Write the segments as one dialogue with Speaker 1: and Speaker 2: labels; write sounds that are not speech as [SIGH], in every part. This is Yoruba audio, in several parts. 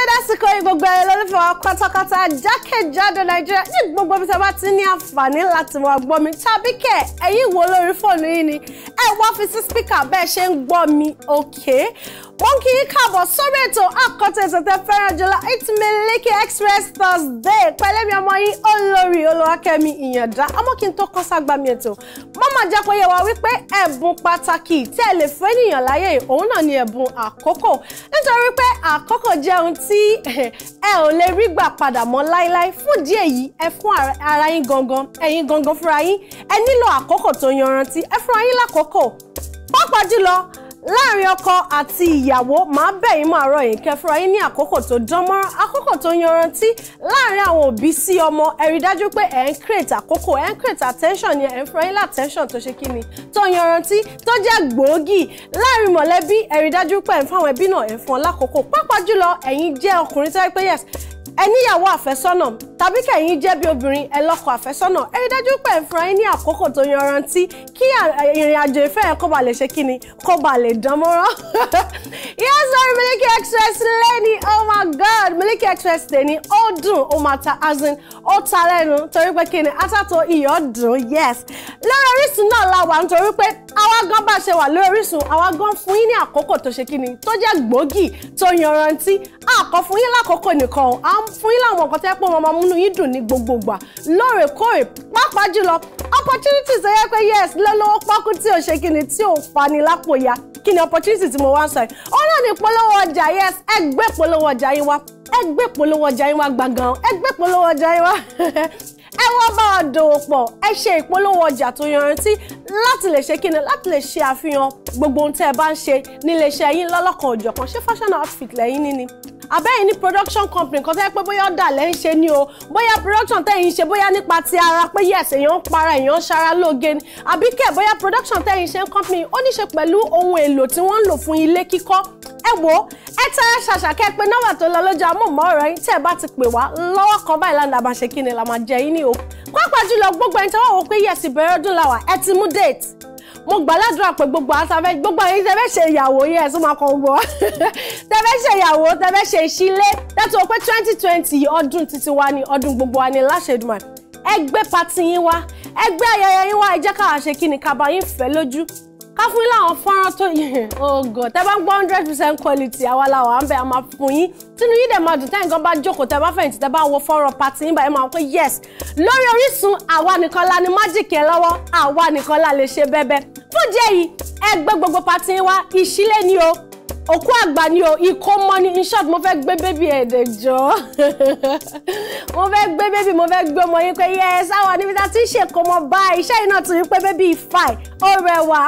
Speaker 1: dédé dásìkò yìí gbogbo ẹ̀rọ lólùfẹ́ wa pátápátá jákèjádò nàìjíríà ní gbogbo ibi tí a bá ti ní àǹfààní láti wọ́n gbọ́ mi tàbí kẹ̀ ẹ̀yin wo lórí fóònù yìí ni ẹ wá fi sí spíkà bẹ́ẹ̀ ṣe ń gbọ́ mi òkè wọ́n kì í kàbọ̀ sórí ètò àkọ́tẹ̀ ètò fẹ́ràn jùlọ it's Miliki Express Thursday pẹ̀lẹ́mi ọmọ yín olórí olúwakẹ́mi ìyàndá ọmọ kí n tó kọ́ ságbá mi ètò mọ́mọ́ jẹ́ kó yé wa wípé ẹ̀bùn pàtàkì tí fún ènìyàn láyé òun náà ni ẹ̀bùn àkókò nítorí pé àkókò jẹ́ ohun tí [LAUGHS] ẹ ò lè rí gbà padà mọ́ láíláí fún díẹ̀ yìí ẹ fún ara yín gangan ẹ̀yin gangan fúnra yín ẹ nílò àkókò tó yanrantí ẹ fúnra yín lákòókò pàápàá jùlọ láàrin ọkọ àti ìyàwó màá bẹ̀ yín máa rọ yín kẹfura yín ní àkókò tó dánmọ́rán àkókò tó yanrantí láàrin àwọn òbí sí ọmọ ẹ rí dájú pé ẹ̀ ń create àkókò ẹ̀ ń create attention ni ẹ̀ ń fura yín látẹ́ńṣọ̀n tó ṣe kí ni tó yanrantí tó jẹ́ gbòógì láàrin mọ̀lẹ́bí ẹ rí dájú pé ẹ̀ ń fáwọn ẹbí náà ẹ̀ fún ọ lákòókò pàápàá jùlọ ẹ̀yin jẹ́ ọkùnrin tó yẹ pé yes ẹ níyàwó àfẹ́sọ́nà tàbí kẹ̀yin jẹ́ bí obìnrin ẹ lọ́kọ àfẹ́sọ́nà ẹ rí dájú pé ẹ fúnra yín ní àkókò tó yanrantí kí ìrìn àjò ìfẹ́ yẹn kó ba lè ṣe kí ni kó ba lè dán mọ́rán. [LAUGHS] yes sorry Miliki Express lẹ́ni oh my god Miliki Express lẹ́ni ó dùn ó máa ta azin ó ta lẹ́nu torí pé kí ni atátó iyọ̀ dùn yes lórí Orísun náà la wà nítorí pé àwa gan b bá ṣe wà lórí Orísun àwa gan fún yín ní àkókò tó ṣe kíni tó jẹ́ gbòógì tó yanrantí àkọ́ fún yín lákòókò nìkan à ń fún yín láwọn nǹkan tẹ́ pé wọn máa múnú yín dùn ní gbogbogbà lóòrèkóòrè pàápàá jùlọ opportunities ẹ yẹ pé yes lọ́lọ́wọ́ pákó tí ò ṣe kíni tí ò fani lápò ya kí ni opportunity tí mo wá ń sọ yìí ó náà ní polówó ọjà yes ẹ gbé polówó ọjà yín wá ẹ gbé polówó ọjà yín wá gbàngàn ẹ gbé polówó ọjà yín wá [LAUGHS] ẹ wọ́n bá wa dòwò pọ̀ ẹ ṣe ìpolówó ọjà tó yanrantí láti lè ṣe kíni láti lè ṣe àfihàn gbogbo ohun tẹ́ ẹ bá ń ṣe nílé iṣẹ́ yín lọ́lọ́kan òjọ̀kan ṣé fashion outfit lẹ́yìn níní àbẹ́yìn ní production company kan tẹ́ pé bóyá ọ̀dà lẹ́ ń ṣe ni o bóyá production tẹ́yìn ṣe bóyá nípa ti ara pé yes èèyàn ń para èèyàn ń ṣara lóge ni àbí kẹ̀ bóyá production tẹ́yìn ṣe ń company ó ní ṣe pẹ̀lú ohun èlò tí wọ́n ń lò fún ilé kíkọ́ ẹ wo ẹ tẹ ṣàṣàkẹ́ pé nọ́mbà tó lọ lójú amóhùnmáwòrán yín tẹ́ ẹ bá ti pè wá lọ́wọ́ kan báyìí lánàá àbàṣe kí ni la máa jẹ yín ní o pàápàá jùlọ gbogbo ẹni tẹ́wọ́ wò pé yẹ̀ ti bẹ̀rẹ̀ ọdún làwà ẹ ti mú déètì mo gbàládùra pé gbogbo àtàfẹ́ gbogbo ẹ̀yin tẹ́fẹ́ ṣe ìyàwó yẹn ẹ̀sùn máa kàn wọ́ [LAUGHS] tẹ́fẹ́ ṣe ìyàwó tẹ́fẹ́ ṣe ìṣílé tẹ́tù wò pé twenty twenty ọdún títí wa ni ọdún gbogbo wa ni láṣẹ̀dùmá ẹ pati yín wá ẹ gbé ayẹyẹ yín wá ẹ jẹ́ káwa ṣe kí ni kaba yín fẹ́ lójú ká fún yín láwọn fọ́nrán tó yẹ ògò oh tẹ́ bá ń gbọ́ hundred percent quality àwa làwọn à ń bẹ̀ a máa fún yín tínú yín dẹ̀ máa dùn tẹ́yìn gan bá jókòó tẹ́ bá fẹ̀yìntì tẹ́ bá wo fọ́nrán pati yín báyìí máa wọ́n pé yes lórí Orísun àwa nìkan la ní májìkì ẹ̀ lọ́wọ́ àwa nìkan la lè ṣe bẹ́ẹ̀ bẹ́ẹ̀ fún díẹ̀ yìí ẹ gbé gbogbo pati yín wá ìṣílẹ̀ ni o òkú àgbà ni o ìkómọ ni in short mo fẹ́ gbé bébì ẹ̀dẹ̀ jọ [LAUGHS] mo fẹ́ gbé bébì mo fẹ́ gbé ọmọ yín pé yes àwọn níbi tá a ti ń ṣèkómọ báyìí iṣẹ́ yìí náà ti rí pé bébì fine ó rẹwà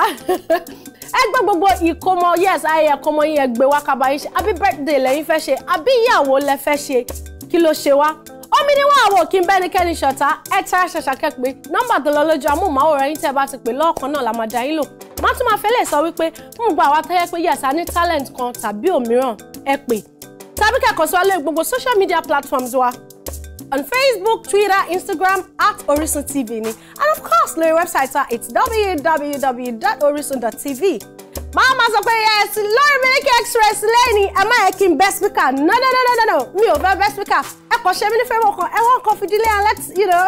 Speaker 1: [LAUGHS] ẹ gbé gbogbo ìkómọ yes ayẹyẹ kọmọ yín ẹ gbé wá kaba yín ṣe àbí birthday lẹ́yìn fẹ́ ṣe àbí ìyàwó lẹ fẹ́ ṣe kí ló ṣe wá omi ni wọn àwọn òkè ń bẹ́ni kẹ́ni ṣọ̀tá ẹ tẹ́ ṣàṣàkẹ́ pé nọ́mbà tó lọ lójú amóhùnmáwòrán yín tẹ́ bá ti pè lọ́ọ̀kan náà la máa yín lò màá tún máa fẹ́lẹ̀ sọ wípé fún gbogbo àwa tó yẹ pé yẹ̀sà ní talent kan tàbí òmíràn ẹ pè tàbí kẹ́kọ̀ọ́ sí wa lórí gbogbo social media platforms wa on Facebook, Twitter, Instagram at Orison TV ni and of course lórí website wa it's www.orison.tv máa ma sọ pé yes lórí Miliki Express lẹ́yìn ẹ má yẹ kí n bẹ́ spíkà no no no no no mi ò fẹ́ bẹ́ spíkà ẹ kàn ṣe mí ní fẹ́ràn kan ẹ wọ́n kan fìdílé and let you know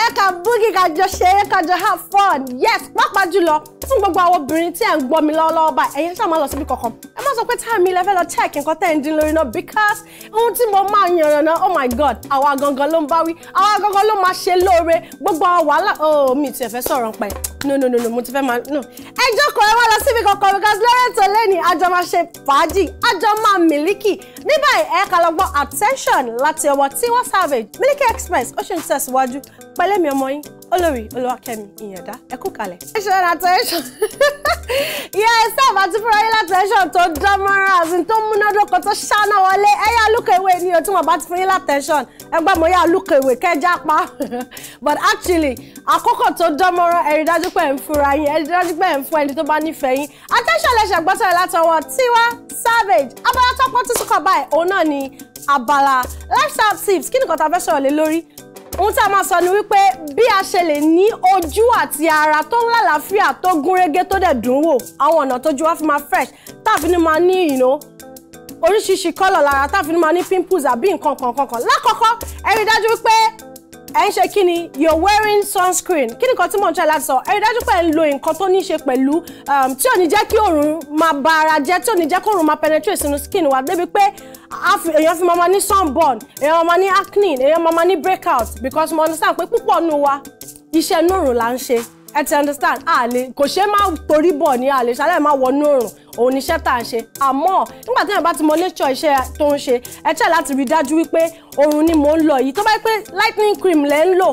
Speaker 1: ẹ kà búgì kà jọ ṣe é kà jọ have fun yes pàápàá jùlọ fún gbogbo àwọn obìnrin tí ẹ ń gbọ́ mi lọ́wọ́lọ́wọ́ báyìí ẹ̀yin ṣáà máa lọ síbi kankan ẹ má sọ pé táà mi lẹ fẹ́ lọ check nǹkan tẹ́ ẹ̀ ń dín lórí náà because ohun tí mo máa yànnà náà oh my god àwa gangan ló ń bá wí àwa gangan ló máa ṣe lóore gbogbo wàhálà oh mi ti ẹ̀ fẹ́ sọ̀rọ̀ ń pa ẹ̀ no no no no mo ti fẹ́ máa no ẹ jókòó ẹ wá lọ síbi kankan ọkọ mi gasiloreto lẹ́ni àjọ máa ṣe fàájì àjọ máa mílíkì ní báyìí ẹ ká lọ gbọ́ attention láti ọwọ́ Tiwa Savage Miliki Express ó ṣe ń tẹ̀síwájú pẹ̀lẹ́mi ọmọ yín olórí olúwakẹ́mi ìyàndá ẹ kú kalẹ̀. attention attention yes tá a bá ti fúnra yín látẹ̀ẹ́sàn tó dánmọ́rán àti tó múnádóko tó ṣáná wọlé ẹ yá lúkọ̀ ìwé ni o tí wọ́n bá ti fún yín látẹ̀ẹ́sàn ẹ gbà mọ́ yá lúkọ̀ ìwé kẹjá pa [LAUGHS] but actually àkókò tó dánmọ́rán ẹ rí dájú pé ẹ̀ ń fúnra yín ẹ rí dájú pé ẹ̀ ń fún ẹni tó bá nífẹ̀ẹ́ yín attention lẹ́sẹ̀ gbọ́sọ̀rọ̀ látọwọ́ Tiwa Savage abala tó pọ́n tó sùkọ̀ báyìí òun náà ni abala lifestyle tips kí nìkan ta fẹ́ sọ̀rọ̀ lé lórí ohun tá a máa sọ ni wípé bí a ṣe lè ní ojú àti ara tó lálàáfíà tó gúnrégé tó dẹ̀ dùn wò àwọn ọ̀nà tójú wa fi máa fresh tàbí ni máa ní ìná oríṣiríṣi kọ́lọ̀ lára tàbí ni máa ní pimples àbí nǹkan kankan kan lákọ̀ọ́kọ́ ẹ rí dájú wípé ẹ ń ṣe kí ni you're wearing sunscreen kí ni nǹkan tí mò ń ṣe láti sọ ẹ rí dájú pé ẹ ń lo nǹkan tó ní ṣe pẹ̀lú um, tí ò ní jẹ́ kí òòrùn máa ba ara jẹ́ tí ò ní jẹ́ kí òòrùn máa penetrate sínú skin wa débi pé èèyàn fi mama ní sunburn èèyàn mama ní acne èèyàn mama ní breakout because mo understand pé púpọ̀ nù wa iṣẹ́ nùrùn là ń ṣe ẹ ti understand a lè kò ṣe máa torí bọ̀ ní a lè ṣàlẹ̀ máa wọnú òrùn òun iṣẹ́ tá à ń ṣe àmọ́ nígbà tí èèyàn bá ti mọ nature iṣẹ́ tó ń ṣe ẹ ṣe láti rí dájú wípé òrùn ni mò ń lọ yìí tó bá yẹ pé lightning cream lẹ́ ń lò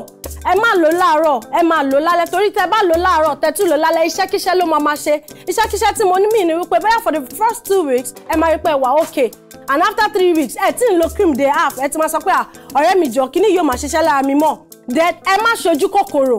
Speaker 1: ẹ má lò láàárọ̀ ẹ má lò lálẹ́ torí tẹ bá lò láàárọ̀ tẹ tún lò lálẹ́ iṣẹ́kíṣẹ́ ló máa máa ṣe iṣẹ́kíṣẹ́ tí mo ní mí ni wípé bóyá for the first two weeks ẹ máa rí pé wà okay and after three weeks ẹ tí ń lo cream day half ẹ ti máa sọ pé ọ̀rẹ́ mi jọ kíní yóò máa ṣiṣẹ́ lára mi mọ́ then ẹ má ṣojú kòkòrò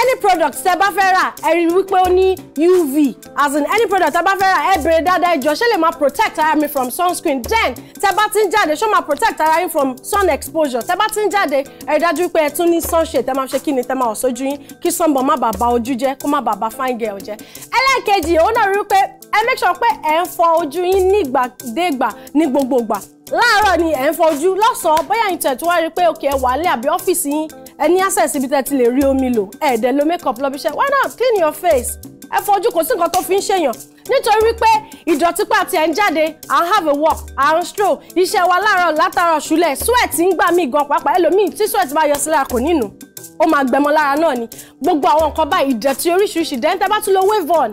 Speaker 1: any product tẹ bá fẹ́ rà ẹ rí wípé ó ní uv as in any product tẹ bá fẹ́ rà ẹ bèrè dáadáa ẹjọ ṣé lè máa protect ara mi from sunscreen then tẹ bá ti ń jáde ṣó máa protect ara yín from sun exposure tẹ bá ti ń jáde ẹ dájú pé ẹ tún ní sunshade tẹ máa ṣe kí ni tẹ máa wọ̀ sójú yín kí sunburn má bàa ba ojú jẹ́ kó má bàa ba fine girl jẹ́ ẹlẹ́ẹ̀kejì òun náà rí wípé ẹ make sure pé ẹ ń fọ ojú yín nígbàdégbà ní gbogbo ìgbà láàárọ̀ ni ẹ̀ ń fọjú lọ́sàn-án bóyá ìtẹ̀ wá rí pé òkè ẹ̀ wà lé àbí ọ́fíìsì yín ẹ ní access ibi tẹ́ ti lè rí omi lò ẹ dẹ̀ lo makeup lọ bí iṣẹ́ why not clean your face ẹ fojú kò sí nǹkan tó fi ń ṣèyàn nítorí wípé ìdọ̀tí pàtì ẹ̀ ń jáde à ń have a walk à ń stroll iṣẹ́ wa láàárọ̀ látàárọ̀ ṣúlẹ̀ sweat ń gbà mí gan pàápàá ẹlòmíì tí sweat bá yọ sílẹ̀ kò nínú ó máa gbẹmọ lára náà ni gbogbo àwọn nǹkan báyìí ìdọ̀tí oríṣiríṣi dẹ́ńtẹ́ bá tún lo wave on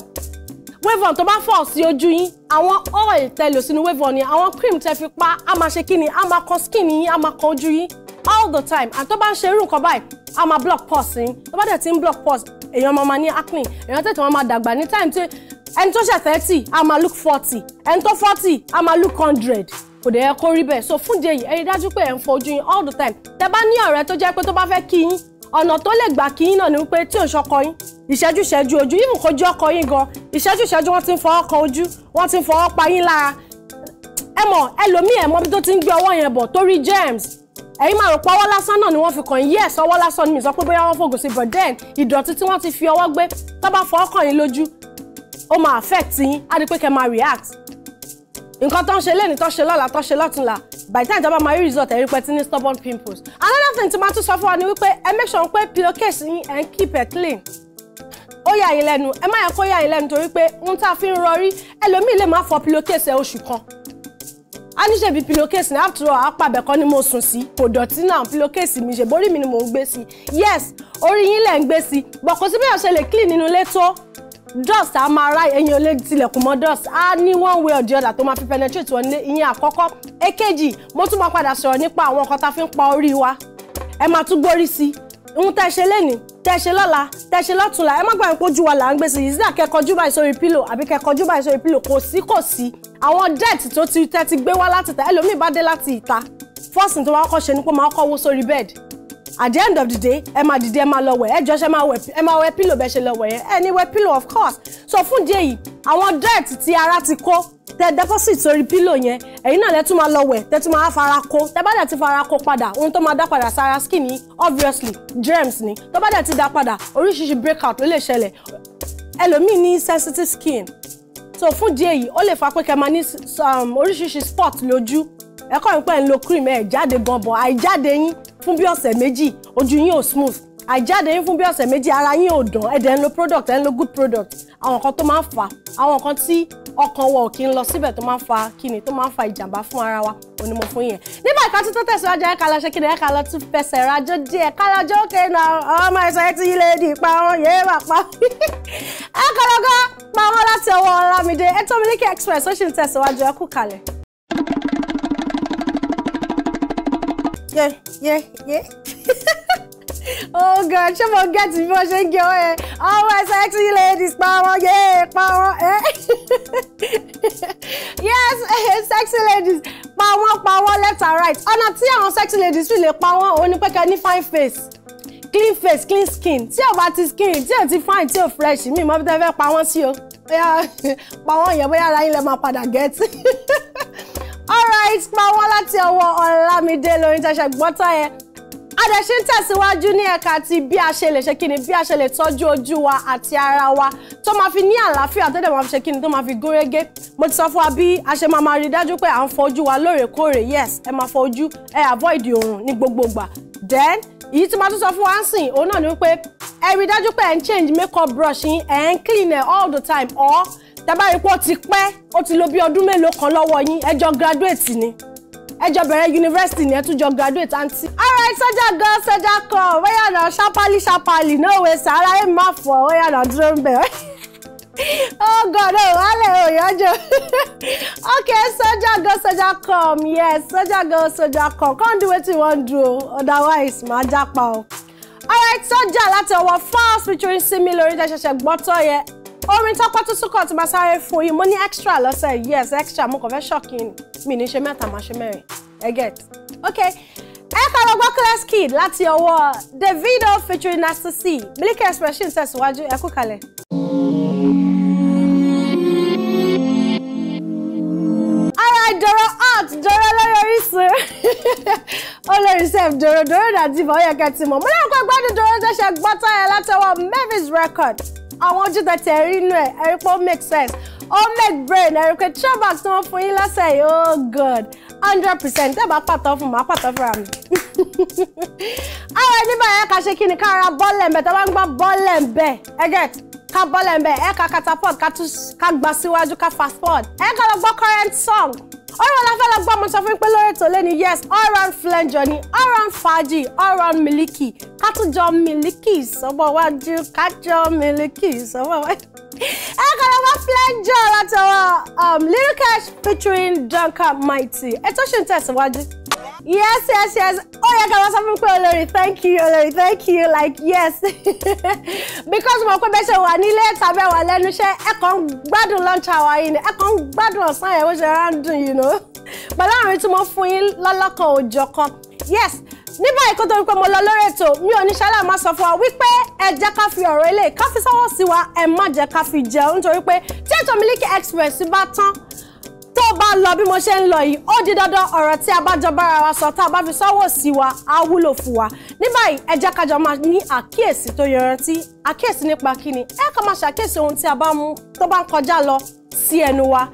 Speaker 1: wave on tó bá fọ̀ sí ojú yín àwọn oil tẹ lò sínú wave on yẹn àwọn cream tẹ fi pa á máa ṣe kí ni á máa kan skin yín á máa kan ojú yín all the time and tó bá ń ṣe irú nǹkan báyìí a máa block pause yín tó bá dẹ̀ ti ń block pause èèyàn máa máa ní acne èèyàn tètè máa máa dàgbà ní time tí ẹni tó ṣe thirty a máa look forty ẹni tó forty a máa look hundred kò dẹ̀ yẹ kó rí bẹ́ẹ̀ so fún díẹ̀ yìí ẹ rí dájú pé ẹ̀ ń fojú yín all the time tẹ́ bá ní ọ̀rẹ́ tó jẹ́ pé tó bá fẹ́ kí yín ọ̀nà tó lè gbà kí yín náà ni wípé tí òun ṣọkọ yín ìṣẹ́jú ìṣẹ́jú ojú yìí kò jẹ́ ọkọ yín gan ìṣẹ́jú ìṣẹ́jú wọ́n ti ń fọwọ́ kan ojú wọ́n ti ń fọwọ́ pa yín lára ẹ mọ̀ ẹlòmíì ẹ̀ mọ́ bí tó ti ń gbé ọwọ́ yẹn bọ̀ torí germs ẹ̀yin máa rò pé ọwọ́ lásán náà ni wọ́n fi kàn yí ẹ̀sọ́ ọwọ́ lásán ni mi sọ pé bóyá wọ́n fògùn sí but then ìdọ̀tí tí wọ́n ti fi ọwọ́ gbé tó bá fọwọ́ kàn yín lójú ó máa affect yín á di pé kẹ́ máa react nǹkan tó ń ṣe lẹ́ni tó ṣe lọ́la tó ṣe lọ́túnla by the time ìjọba máa rí result ẹ̀rí pẹ́ tí ní stubborn pimples another thing tí máa tún sọ fún wa ni wípé ẹ make sure pé pillowcase yín ẹ̀ ń keep it clean ó yà yín lẹ́nu ẹ má yẹ kó yà yín lẹ́nu torí pé ohun tá a fi ń rọrí ẹlòmíì lè má fọ pillowcase ẹ oṣù kan a ní ṣèbí pillowcase ní after all apàbẹ̀ kan ni mo sùn sí kò dọ̀tí náà pillowcase mi ṣèbí orí mi ni mò ń gbé sí yes orí yín lẹ̀ ń gbé sí bọ̀ kò sí bí ọ̀ṣẹ̀ lè clean nínú ilé tó dust a máa ra ẹyin olè tilẹ̀kùn mọ́ dust a ní one way or the other tó máa fi penetrate wọn ní ìyẹn àkọ́kọ́ èkejì mo tún máa padà sọ̀rọ̀ nípa àwọn nǹkan tá a fi ń pa orí wa ẹ máa tún gbórí sí i ohun tá ṣe lénìí tẹ̀ṣe lọ́la tẹ̀ṣe lọ́túnla ẹ má gbà pé ojú wa là ń gbé sí ìsídà kẹkọjú báyìí sórí pílò àbí kẹkọjú báyìí sórí pílò kò sí kò sí àwọn debt tó ti tẹ́ ti gbé wá láti ta ẹlòmíì bá dé láti ìta fọ́ọ̀sì tó máa kọ́ ṣe ni pé máa kọ́ wó sórí bẹ́ẹ̀dì at the end of the day ẹ máa dìde ẹ máa lọ wẹ̀ ẹ jọ̀ọ́ ṣe ẹ máa wẹ̀ pílò bẹ́ẹ̀ ṣe lọ wẹ̀ yẹn ẹ ní wẹ̀ pílò of course so fún díẹ̀ yìí àwọn debt tí ara ti kó tẹ deposit sórí pillow yẹn ẹ̀yin náà lẹ tún máa lọ wẹ̀ tẹ tún máa fara kó tẹ bá dẹ̀ ti fara kó padà ohun tó máa dá padà sára skin ni obviously germs ni tó bá dẹ̀ ti dá padà oríṣiríṣi breakout ló lè ṣẹlẹ̀ ẹlòmíì ní sensitive skin so fún díẹ̀ yìí ó lè fa pé kẹ́ ní um, oríṣiríṣi spot lójú ẹ̀kọ́ ìpẹ́ ń lo cream ẹ̀ jáde gan-an àìjáde yín fún bí ọ̀sẹ̀ méjì ojú yín ò smooth àìjáde yín fún bí ọ̀sẹ̀ méjì ara yín ò dán ẹ̀dẹ̀ ń lo product ẹ̀ ń lo good product àwọn nǹkan tó máa ń fa àwọn nǹkan tí ọkàn wa ò kí ń lọ síbẹ̀ tó máa ń fa kíni tó máa ń fa ìjàmbá fún ara wa òní fún yẹn. nígbà ìka tó tẹ̀síwájú ẹ̀ka lọ ṣe kíni ẹ̀ka lọ tún fẹsẹ̀ rajó díẹ̀ ká lọ jókè náà ọmọ ẹ̀sọ́ ẹ̀ tí ilé di ipa wọn yéé wà pa. [LAUGHS] ẹ pa wọn láti ọwọ́ Ọlámídé ètò Miliki Express ó sì ń tẹ̀síwájú ẹ kalẹ̀. yé yé yé [LAUGHS] oh god ṣé mo get bí wọ́n ṣe ń gé ọ ẹ ọwọ́ eh? [LAUGHS] eh, sexy ladies pa wọn yé pa wọn ẹ yes sexy ladies pa wọn pa wọn left and right ọ̀nà tí àwọn sexy ladies fi lè pa wọn òun ni pé ní fine face clean face clean skin tí o bá ti skin tí o ti fine tí o fresh mi mo bí tẹ́ fẹ́ pa wọ́n sí o bóyá [LAUGHS] pa wọ́n yẹn bóyá ara yín lè máa padà get [LAUGHS] alright pa wọ́n láti ọwọ́ Ọlámídé lóyún tẹ́ṣẹ̀ gbọ́tọ̀ yẹn adẹ̀ṣe ń tẹ̀síwájú ní ẹ̀ka ti bí a ṣe lè ṣe kíni bí a ṣe lè tọ́jú ojú wa àti ara wa tó máa fi ní àlàáfíà tó dẹ̀ máa fi ṣe kíni tó máa fi gúnrégé mo ti sọ fún wa bí a ṣe máa máa rí dájú pé à ń fọ wa lóòrèkóòrè yes ẹ máa fọ ẹ avoid òòrùn ní gbogbo ìgbà then èyí tí máa tún sọ fún wa ń sìn òun náà ni wípé ẹ rí dájú pé ẹ ń change makeup brush yín ẹ ń clean ẹ all the time or tẹ́ bá ti pẹ́ ó ti lo bí ọdún mélòó kan lọ́wọ́ yín ẹ graduate ni ẹ jọ bẹ̀rẹ̀ yunifásitì ni ẹ tún jọ graduate àǹtí. ara ìsọjà gan sọjà kan bóyá ọ̀nà ṣápálí ṣápálí náà wẹ̀ sàárà ẹ̀ máa fọ̀ bóyá ọ̀nà dúró ń bẹ̀ [LAUGHS] oh god oh wale oh yanjo okay soja go soja come yes soja go soja come come do wetin you wan do otherwise ma japa o. alright soja láti ọwọ́ fast featuring simi lórí tẹ́ ṣẹ̀ṣẹ̀ gbọ́tọ̀ yẹn orin tọ́pọ́ tuntun kan tí mo sáré fún yín mo ní extra lọ́sẹ̀ yes extra mo kàn fẹ́ ṣọ́ọ̀kì mi ní ṣe mẹ́ta máa ṣe mẹ́rin ẹ get ok ẹ kàrọ gbọ́ class kid láti ọwọ́ Davido featuring Nasty C Miliki Express ṣì ń tẹ̀síwájú ẹ kú kalẹ̀. dọ̀rọ̀ out dọ̀rọ̀ lórí Orísun olórí sef dọ̀rọ̀ dọ̀rọ̀ dàdí ìbọn ó yẹ kẹ́ ti mọ̀ mo náà kọ́ gbádùn dọ̀rọ̀ tó ṣe gbọ́tọ̀ ẹ̀ látọwọ́ Mavis record àwọn ojú tẹ̀tẹ̀ rí inú ẹ̀ ẹ̀rí pé ó make sense ó make brain ẹ̀rí pé throwback tí wọ́n fún yín lọ́sẹ̀ yìí oh god hundred percent tẹ́ bá pàtó fún màá pàtó fúnra mi. ara [LAUGHS] ní báyìí ẹ̀ka ṣe kí ni ká ara bọ́ọ̀lẹ̀ ń bẹ̀ tá a bá ń gbọ́ bọ́ọ̀lẹ̀ ń bẹ̀ ẹ̀gẹ́ ká bọ́ọ̀lẹ̀ ń bẹ̀ ẹ̀ka catapult ká gba síwájú ká fast forward ẹ̀ka lọ gbọ́ current song ọ̀rọ̀ la fẹ́ lọ gbọ́ mo sọ fún pé lórí ètò lẹ́ni yes all round flenjo ni all round fàájì all round miliki kátójọ miliki sọ́bọ̀ wájú kájọ miliki sọ́bọ̀ wájú. ẹ kọ́ra wá flenjo látọwọ́ um, lyricash featuring Duncan Mighty ètò ṣì ń tẹ̀síwájú yes yes yes Oh, yẹ ká wá something fún mi thank you olórí thank you like yes [LAUGHS] because mo pé bẹ́sẹ̀ wà nílé tàbí wà lẹ́nu iṣẹ́ ẹ e kàn ń gbádùn lunch hour yìí ni ẹ kàn ń gbádùn ọ̀sán ẹ̀ bó ṣe rán dùn yìí nù pẹ̀lú àrùn tí mo fún yín lọ́lọ́kan òjọ̀kan yes ní báyìí kó tó wípé mo lọ lórí ètò mi ò ní ṣáláà má sọ fún wa wípé ẹ e jẹ́ ká fi ọ̀rọ̀ ilé ká fi sọ́wọ́ sí wa ẹ e má jẹ́ ká fi jẹun nítorí pé tí ètò Miliki Express bá tán tó bá lọ bí mo ṣe ń lọ yìí ó di dandan ọ̀rọ̀ tí a bá jọ bára wa sọ tá a bá fi sọ́wọ́ sí wa á wúlò fún wa ní báyìí ẹ jẹ́ ká jọ máa ní àkíyèsí tó yọrantí àkíyèsí nípa kíni ẹ ká máa ṣàkíyèsí ohun tí a bá mú tó bá ń kọjá lọ sí ẹnu wa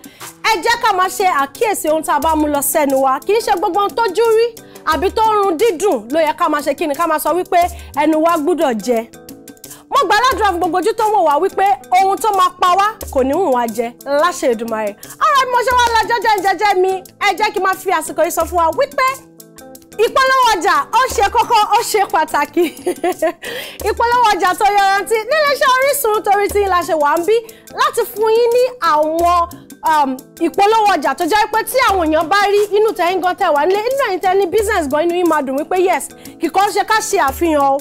Speaker 1: ẹ jẹ́ ká máa ṣe àkíyèsí ohun tí a bá mú lọ sẹ́nu wa kì í ṣe gbogbo ohun tójú rí àbí tó ń run dídùn ló yẹ ká máa ṣe kíni ká máa sọ wípé ẹnu wa gbúdọ̀ jẹ mo gbà ládùúrà fún gbogbo ojú tó ń wò wá wípé ohun tó máa pa wá kò ní hùn wá jẹ láṣẹ Èdùmàrè ọ̀rọ̀ bí mo ṣe wá lọ jẹjẹ jẹjẹ mi ẹ jẹ́ kí n máa fi àsìkò yìí sọ fún wa wípé ìpolówó ọjà ó ṣe kókó ó ṣe pàtàkì [LAUGHS] ìpolówó ọjà tó yọrantí níléeṣẹ́ Orísun torí tí la ṣe wà ń bí láti fún yín ní àwọn um, ìpolówó ọjà tó jẹ́ pé tí àwọn èèyàn bá rí inú tẹ̀yìn gan tẹ̀ wá nílé inú ẹ̀yìn tẹ̀ ní business gan inú yín máa dùn wípé yes kíkọ́ ṣe ká ṣe àfihàn o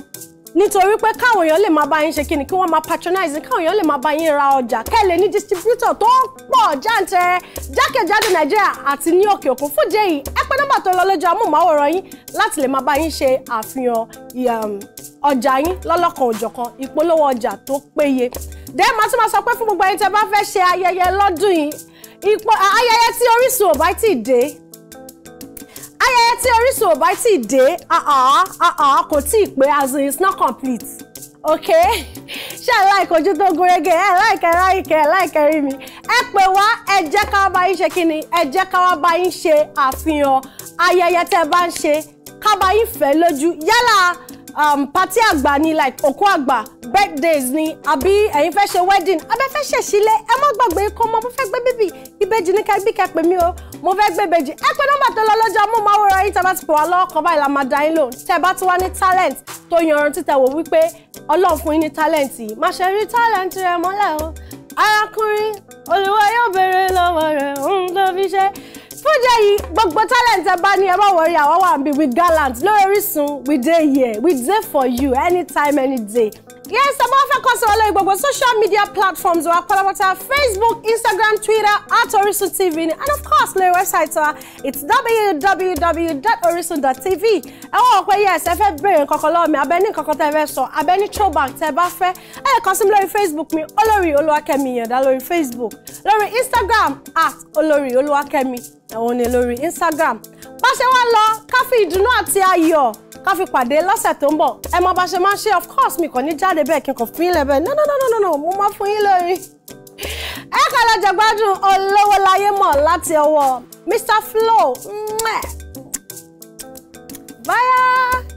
Speaker 1: nítorí pé káwọn èèyàn lè máa bá yín ṣe kíni kí wọ́n máa patronize káwọn èèyàn lè máa bá yín ra ọjà kẹ́lẹ̀ ní distributor tó pọ̀ jáǹtẹ̀rẹ̀ jákèjádò nàìjíríà àti ní òkè òkun fún jẹ́ yìí ẹ pé nọ́mbà tó lọ lójú amóhùnmáwòrán yín láti lè máa bá yín ṣe àfihàn um, ọjà yín lọ́lọ́kan òjọ̀kan ìpolówó ọjà tó péye dẹ́ẹ̀ máa tún máa sọ pé fún gbogbo ẹni tẹ́ bá fẹ́ ṣe ayẹyẹ lọ́dún yìí ayẹyẹ tí Orísun ò bá ti dé ayẹyẹ tí Orísun ò bá tí ì dé kò tí ì pé as in it's not complete ok ṣe àláìkò ojú tó gún régé ẹ láìkẹ láìkẹ láìkẹ rí mi ẹ pè wá ẹ jẹ́ ká wá bá yín ṣe kí ni ẹ jẹ́ ká wá bá yín ṣe àfihàn ayẹyẹ tẹ́ bá ń ṣe ká bá yín fẹ́ lójú yálà um, pati àgbà ni like òkú àgbà birthdays ni abi, ẹ̀yin fẹ́ ṣe wedding abẹ́fẹ́ ṣèṣílẹ̀ ẹ má gbàgbé kó mọ mo fẹ́ gbé bíbí ìbejì ní kẹgbí kẹpẹ mi o mo fẹ́ beji. ìbejì ẹ pé nọ́mbà tó lọ lọ́jọ́ mú máa wúra yín tẹ́ bá ti pọ̀ wá lọ́kọ̀ báyìí la máa dá yín lò tẹ́ bá ti wá ní talent tó yanrantí tẹ́ wò wípé ọlọ́run fún yín ní talent yìí má ṣe rí talent rẹ mọ́lẹ̀ o arákùnrin olùwà yóò béèrè lọ́wọ́ rẹ̀ ń tó fi ṣe fún ìdí èyí gbogbo talent ẹ bá ní ẹ má wọrí àwa wà níbí we gallant lórí Orísun we dey here we dey for you anytime any day yes ẹ bá fẹ́ kàn sí wa lórí gbogbo social media platforms wa pátápátá facebook instagram twitter at orisun tv ni and of course lórí website wa it's www.orisun.tv ẹ wọ́n pé yes ẹ fẹ́ béèrè kankan lọ́wọ́ mi abẹ́ni kankan tẹ́ fẹ́ sọ abẹ́ni throwback tẹ́ bá fẹ́ ẹ lè kàn sí mi lórí facebook mi olórí olúwakẹ́mi ìyàndá lórí facebook lórí instagram at olórí olúwakẹ́mi òun ni lórí Instagram bá ṣe wá lọ ká fi ìdùnnú àti ayọ̀ ká fi pàdé lọ́sẹ̀ tó ń bọ̀ ẹ mọ bá ṣe máa ṣe of course mi kàn ní jáde bẹ́ẹ̀ kí n kàn fún yín lẹ́bẹ̀ẹ́ no no no no no mo máa fún yín lórí ẹ kàn lọ jẹ̀gbádùn olówó láyé mọ̀ láti ọwọ́ Mr Flo bye.